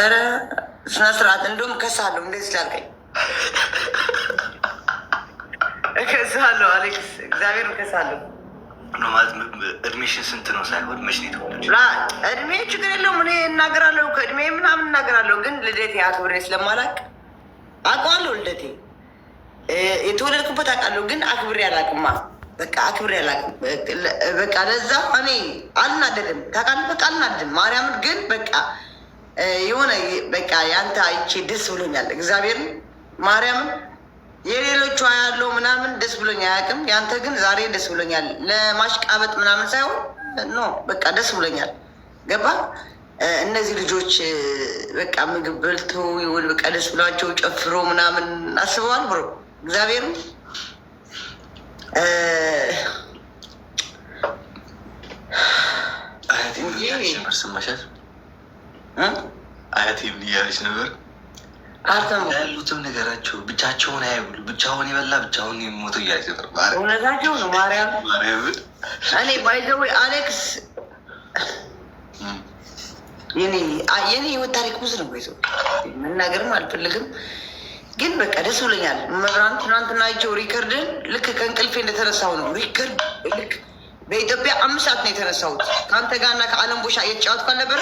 ኧረ ስነ ስርዓት እንደውም እከስሃለሁ፣ እንደዚህ ስላልከኝ እከስሃለሁ። አሌክስ እግዚአብሔር እከስሃለሁ። እድሜሽን ስንት ነው ሳይሆን መች ነው የተወለድሽው? እድሜ ችግር የለውም እኔ እናገራለሁ፣ ከእድሜ ምናምን እናገራለሁ። ግን ልደቴ አክብሬ ስለማላቅ አውቀዋለሁ። ልደቴ የተወለድኩበት አውቃለሁ፣ ግን አክብሬ አላውቅማ በቃ አክብሬ አላውቅም። በቃ ለዛ እኔ አልናደድም፣ ታውቃለህ። በቃ አልናደድም። ማርያምን ግን በቃ የሆነ በቃ ያንተ አይቼ ደስ ብሎኛል። እግዚአብሔርን ማርያምን የሌሎቹ ያለው ምናምን ደስ ብሎኝ አያውቅም። ያንተ ግን ዛሬ ደስ ብሎኛል። ለማሽቃበጥ ምናምን ሳይሆን ኖ በቃ ደስ ብሎኛል። ገባ እነዚህ ልጆች በቃ ምግብ በልተው ይሁን በቃ ደስ ብሏቸው ጨፍሮ ምናምን አስበዋል ብሮ እግዚአብሔርን ስማሻል eh, እያለች ነበር። ያሉትም ነገራቸው ብቻቸውን አይብሉ፣ ብቻውን የበላ ብቻውን የሚሞተው እያለች ነበር። እውነታቸው ነው። ማርያም እኔ አሌክስ የኔ ህይወት ታሪክ ብዙ ነው። ይዘ መናገርም አልፈልግም ግን በቃ ደስ ብለኛል። መብራን ትናንትና አይቼው ሪከርድን ልክ ከእንቅልፌ እንደተነሳሁ ነው። ሪከርድ ልክ በኢትዮጵያ አምስት ሰዓት ነው የተነሳሁት ከአንተ ጋር እና ከአለም ቦሻ እየተጫወትኩ አልነበረ?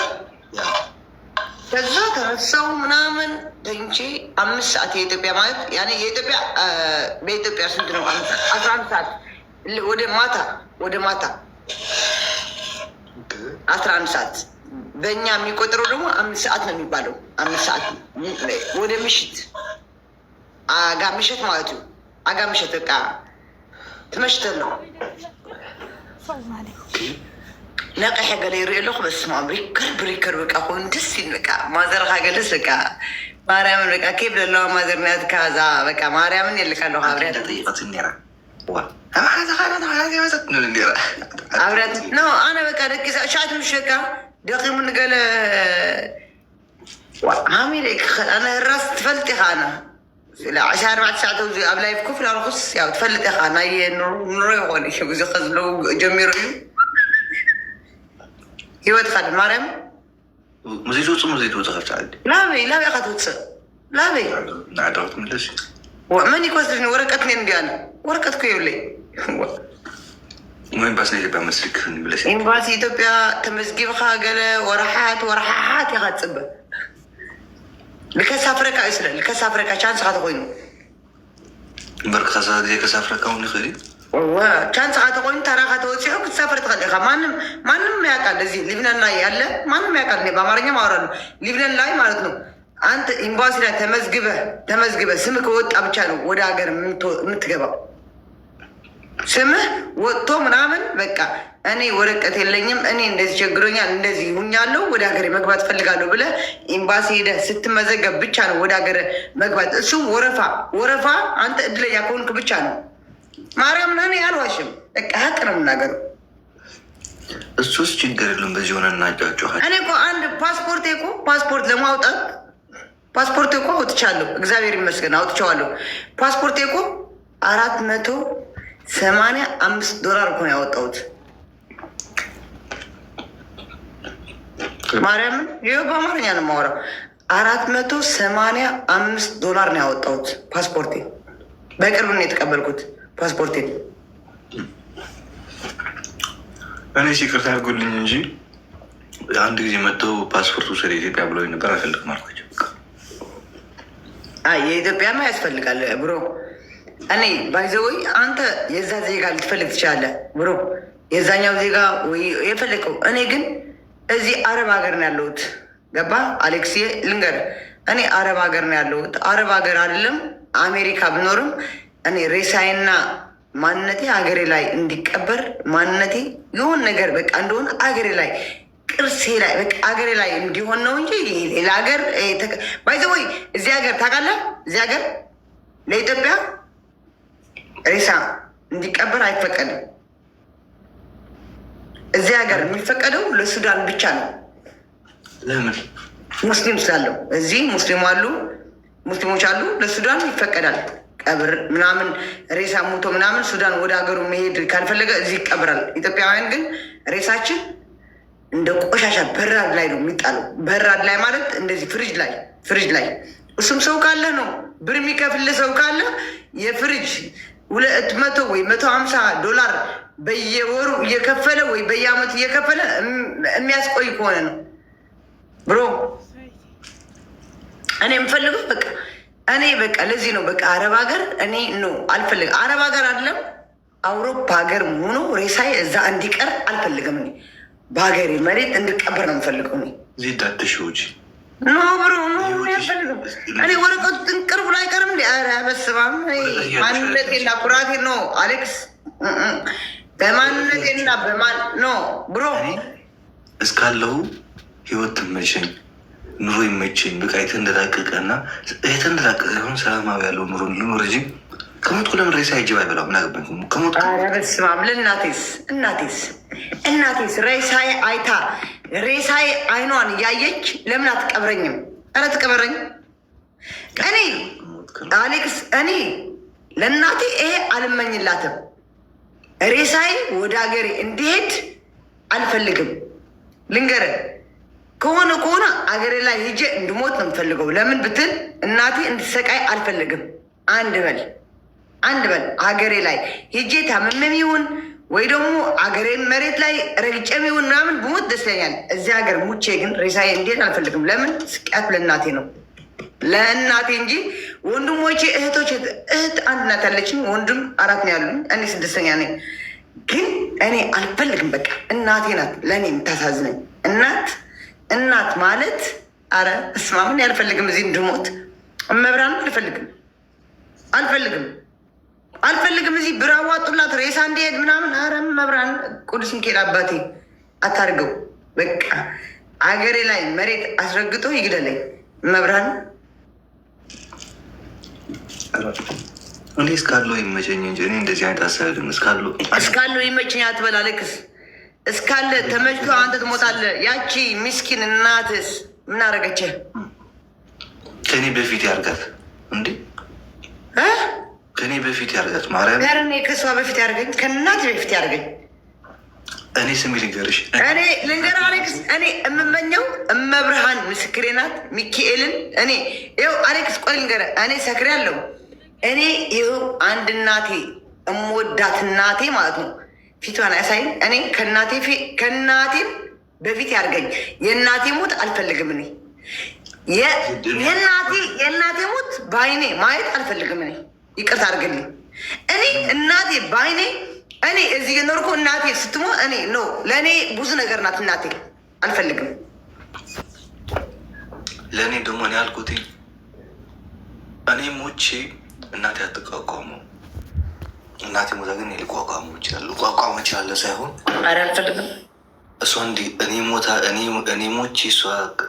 ከዛ ተነሳሁ ምናምን ተኝቼ አምስት ሰዓት የኢትዮጵያ ማለት ያኔ የኢትዮጵያ በኢትዮጵያ ስንት ነው? አስራ አንድ ሰዓት ወደ ማታ ወደ ማታ አስራ አንድ ሰዓት በእኛ የሚቆጥረው ደግሞ አምስት ሰዓት ነው የሚባለው። አምስት ሰዓት ወደ ምሽት አጋምሸት ማለት ነው። አጋምሸት በቃ ትመሽተን ነው ነቀሐ ገለ ይርኢ ኣለኹ በስማ ሪከር ብሪከር በቃ ኮይኑ ደስ ኢሉ በቃ ማዘርካ ገለስ በቃ ማርያምን በቃ ከብ ዘለዋ ማዘር ካዛ እዛ በቃ ማርያምን የልካ ኣለኹ ኣብርያ ኣብርያ ኣነ በቃ ደቂ ሸዓት ምሽ በቃ ደቂሙ ንገለ ሃሚ ኣነ ራስ ትፈልጥ ኢኻ ኣነ ዓሽራ ኣርባዕተ ትሽዓተ ኣብ ላይፍ ኮፍ ኢላ ረኩስ ያው ትፈልጥ ኢኻ ናይ ንሮ ይኮነ እዩ እዚ ከዝለው ጀሚሩ እዩ ሂወትካ ድማ ማርያም ሙዚ ትውፅእ ሙዚ ትውፅእ ከብቲ ዓዲ ላበይ ላበይ ኢኻ ትውፅእ ላበይ ንዓዳዊ ትምለስ መን ይኮስልኒ ወረቀት ነ እንዲያነ ወረቀት ኮ የብለይ ኤምባሲ ናይ ኢትዮጵያ መስሪክ ንብለስ ኤምባሲ ኢትዮጵያ ተመዝጊብካ ገለ ወርሓት ወርሓሓት ኢኻ ትፅበ ንከሳፍረካ እዩ ስለ ንከሳፍረካ ቻንስካ ተኮይኑ እምበርካ ግዜ ከሳፍረካ እውን ይኽእል እዩ ቻንስካ ተኮይኑ ታራካ ተወፂዑ ክትሳፍር ትኽእል ኢኻ ማንም ያውቃል እዚ ሊብነን ላይ ያለ ማንም ያውቃል በአማርኛ ማውራሉ ሊብነን ላይ ማለት ነው አንተ ኤምባሲ ላይ ተመዝግበ ተመዝግበ ስምህ ከወጣ ብቻ ነው ወደ ሀገር የምትገባው ስምህ ወጥቶ ምናምን በቃ እኔ ወረቀት የለኝም፣ እኔ እንደዚህ ቸግሮኛል፣ እንደዚህ ሁኛለሁ፣ ወደ ሀገር መግባት ፈልጋለሁ ብለ ኤምባሲ ሄደ ስትመዘገብ ብቻ ነው ወደ ሀገር መግባት። እሱ ወረፋ ወረፋ፣ አንተ እድለኛ ከሆንክ ብቻ ነው። ማርያም ናኔ አልዋሽም፣ በቃ ሀቅ ነው የምናገረው። እሱስ ችግር የለም፣ በዚህ ሆነ እናጫችኋል። እኔ እኮ አንድ ፓስፖርት እኮ ፓስፖርት ለማውጣት ፓስፖርት እኮ አውጥቻለሁ፣ እግዚአብሔር ይመስገን አውጥቼዋለሁ። ፓስፖርት እኮ አራት መቶ ሰማንያ አምስት ዶላር እኮ ነው ያወጣሁት ማርያምን ይህ በአማርኛ ነው የማወራው። አራት መቶ ሰማንያ አምስት ዶላር ነው ያወጣሁት ፓስፖርቴ። በቅርብ ነው የተቀበልኩት ፓስፖርቴ። እኔ ሲክርት አድርጎልኝ እንጂ አንድ ጊዜ መጥተው ፓስፖርት ውሰድ ኢትዮጵያ ብሎ ነበር። አልፈልግም አልኳቸው። ማ ያስፈልጋል ብሮ። እኔ ወይ አንተ የዛ ዜጋ ልትፈልግ ትችላለህ ብሮ፣ የዛኛው ዜጋ የፈለገው እኔ ግን እዚህ አረብ ሀገር ነው ያለሁት። ገባ አሌክስዬ፣ ልንገር እኔ አረብ ሀገር ነው ያለሁት። አረብ ሀገር አይደለም አሜሪካ ብኖርም እኔ ሬሳዬና ማንነቴ ሀገሬ ላይ እንዲቀበር ማንነቴ የሆን ነገር በቃ እንደሆነ ሀገሬ ላይ ቅርሴ ላይ በቃ ሀገሬ ላይ እንዲሆን ነው እንጂ ሌላ ሀገር ባይዘ ወይ እዚህ ሀገር ታውቃለህ፣ እዚህ ሀገር ለኢትዮጵያ ሬሳ እንዲቀበር አይፈቀድም። እዚህ ሀገር የሚፈቀደው ለሱዳን ብቻ ነው። ለምን? ሙስሊም ስላለው እዚህ ሙስሊም አሉ፣ ሙስሊሞች አሉ። ለሱዳን ይፈቀዳል። ቀብር ምናምን ሬሳ ሙቶ ምናምን ሱዳን ወደ ሀገሩ መሄድ ካልፈለገ እዚህ ይቀብራል። ኢትዮጵያውያን ግን ሬሳችን እንደ ቆሻሻ በራድ ላይ ነው የሚጣለው። በራድ ላይ ማለት እንደዚህ ፍሪጅ ላይ ፍሪጅ ላይ እሱም ሰው ካለ ነው ብር የሚከፍል ሰው ካለ የፍሪጅ ሁለት መቶ ወይ መቶ ሀምሳ ዶላር በየወሩ እየከፈለ ወይ በየአመቱ እየከፈለ የሚያስቆይ ከሆነ ነው ብሮ እኔ የምፈልገው በቃ እኔ በቃ ለዚህ ነው በቃ አረብ ሀገር እኔ ኖ አልፈልግም። አረብ ሀገር አይደለም አውሮፓ ሀገር ሆኖ ሬሳዬ እዛ እንዲቀር አልፈልግም። እኔ በሀገሬ መሬት እንድቀበር ነው የምፈልገው። እኔ እዚህ ዳትሽዎች ኖ ብሮ ኖ አልፈልግም። እኔ ወረቀቱ ጥንቅርቡ ላይ አይቀርም። ኧረ በስመ አብ ማንነቴና ኩራቴ ነው አሌክስ በማንነቴና በማን ኖ ብሮ እስካለሁ ህይወት ትመቸኝ፣ ኑሮ ይመቸኝ። በቃ የተንደላቀቀ እና የተንደላቀቀ ሲሆን ሰላማዊ ያለው ኑሮ ሊኖር እንጂ ከሞትኩ ለምን ሬሳ ጅብ አይበላም? ምን አገባኝ? ከሞትኩ ለእናቴስ እናቴስ እናቴስ ሬሳዬ አይታ ሬሳዬ አይኗን እያየች ለምን አትቀብረኝም? ኧረ ትቀብረኝ። እኔ አሌክስ እኔ ለእናቴ ይሄ አልመኝላትም። ሬሳዬ ወደ ሀገሬ እንዲሄድ አልፈልግም። ልንገረ ከሆነ ከሆነ አገሬ ላይ ሄጄ እንድሞት ነው የምፈልገው። ለምን ብትል እናቴ እንድሰቃይ አልፈልግም። አንድ በል አንድ በል ሀገሬ ላይ ሄጄ ታመመም ይሁን ወይ ደግሞ አገሬ መሬት ላይ ረግጨም ይሁን ምናምን ብሞት ደስለኛል። እዚህ ሀገር ሙቼ ግን ሬሳዬ እንዲሄድ አልፈልግም። ለምን ስቅያት ለእናቴ ነው ለእናቴ እንጂ ወንድሞቼ እህቶች፣ እህት አንድ ናት ያለችኝ፣ ወንድም አራት ያሉ እኔ ስድስተኛ ነኝ። ግን እኔ አልፈልግም። በቃ እናቴ ናት ለእኔ የምታሳዝነኝ። እናት እናት ማለት አረ እስማምን አልፈልግም። እዚህ እንድሞት እመብራን አልፈልግም፣ አልፈልግም፣ አልፈልግም። እዚህ ብር አዋጡላት ሬሳ እንዲሄድ ምናምን። አረ መብራን ቅዱስ ሚካኤል አባቴ አታርገው። በቃ አገሬ ላይ መሬት አስረግጦ ይግደለኝ መብራን እኔ እስካለው ይመቸኝ እንጂ እኔ እንደዚህ አይነት አሳብ አይደለም። እስካለው እስካለው ይመቸኝ አትበል አሌክስ። እስካለ ተመችቶ አንተ ትሞታለህ። ያቺ ምስኪን እናትስ ምን አረገች? ከኔ በፊት ያርጋት እንዴ! ከኔ በፊት ያርጋት ማርያም። ኧረ ከሷ በፊት ያርገኝ፣ ከእናት በፊት ያርገኝ። እኔ ስሚ ልንገርሽ፣ እኔ ልንገር አሌክስ፣ እኔ የምመኘው እመብርሃን ምስክሬ ናት። ሚካኤልን እኔ ይኸው አሌክስ፣ ቆይ ልንገርህ፣ እኔ ሰክሬ አለው እኔ ይኸው አንድ እናቴ እምወዳት እናቴ ማለት ነው ፊቷን አያሳይ እኔ ከእናቴም በፊት ያርገኝ የእናቴ ሞት አልፈልግም። እኔ የእናቴ ሞት በአይኔ ማየት አልፈልግም። እኔ ይቅርታ አድርግልኝ። እኔ እናቴ በአይኔ እኔ እዚህ የኖርኩ እናቴ ስትሞ እኔ ኖ ለእኔ ብዙ ነገር ናት እናቴ አልፈልግም። ለእኔ ደግሞ እኔ እኔ ሞቼ እናቴ አትቋቋመው። እናቴ ሞታ ግን ሊቋቋሙ ይችላል። ቋቋሙ ይችላለ ሳይሆን አልፈልግም እሷ እንዲህ እኔ ሞታ እኔ ሞቼ እሷ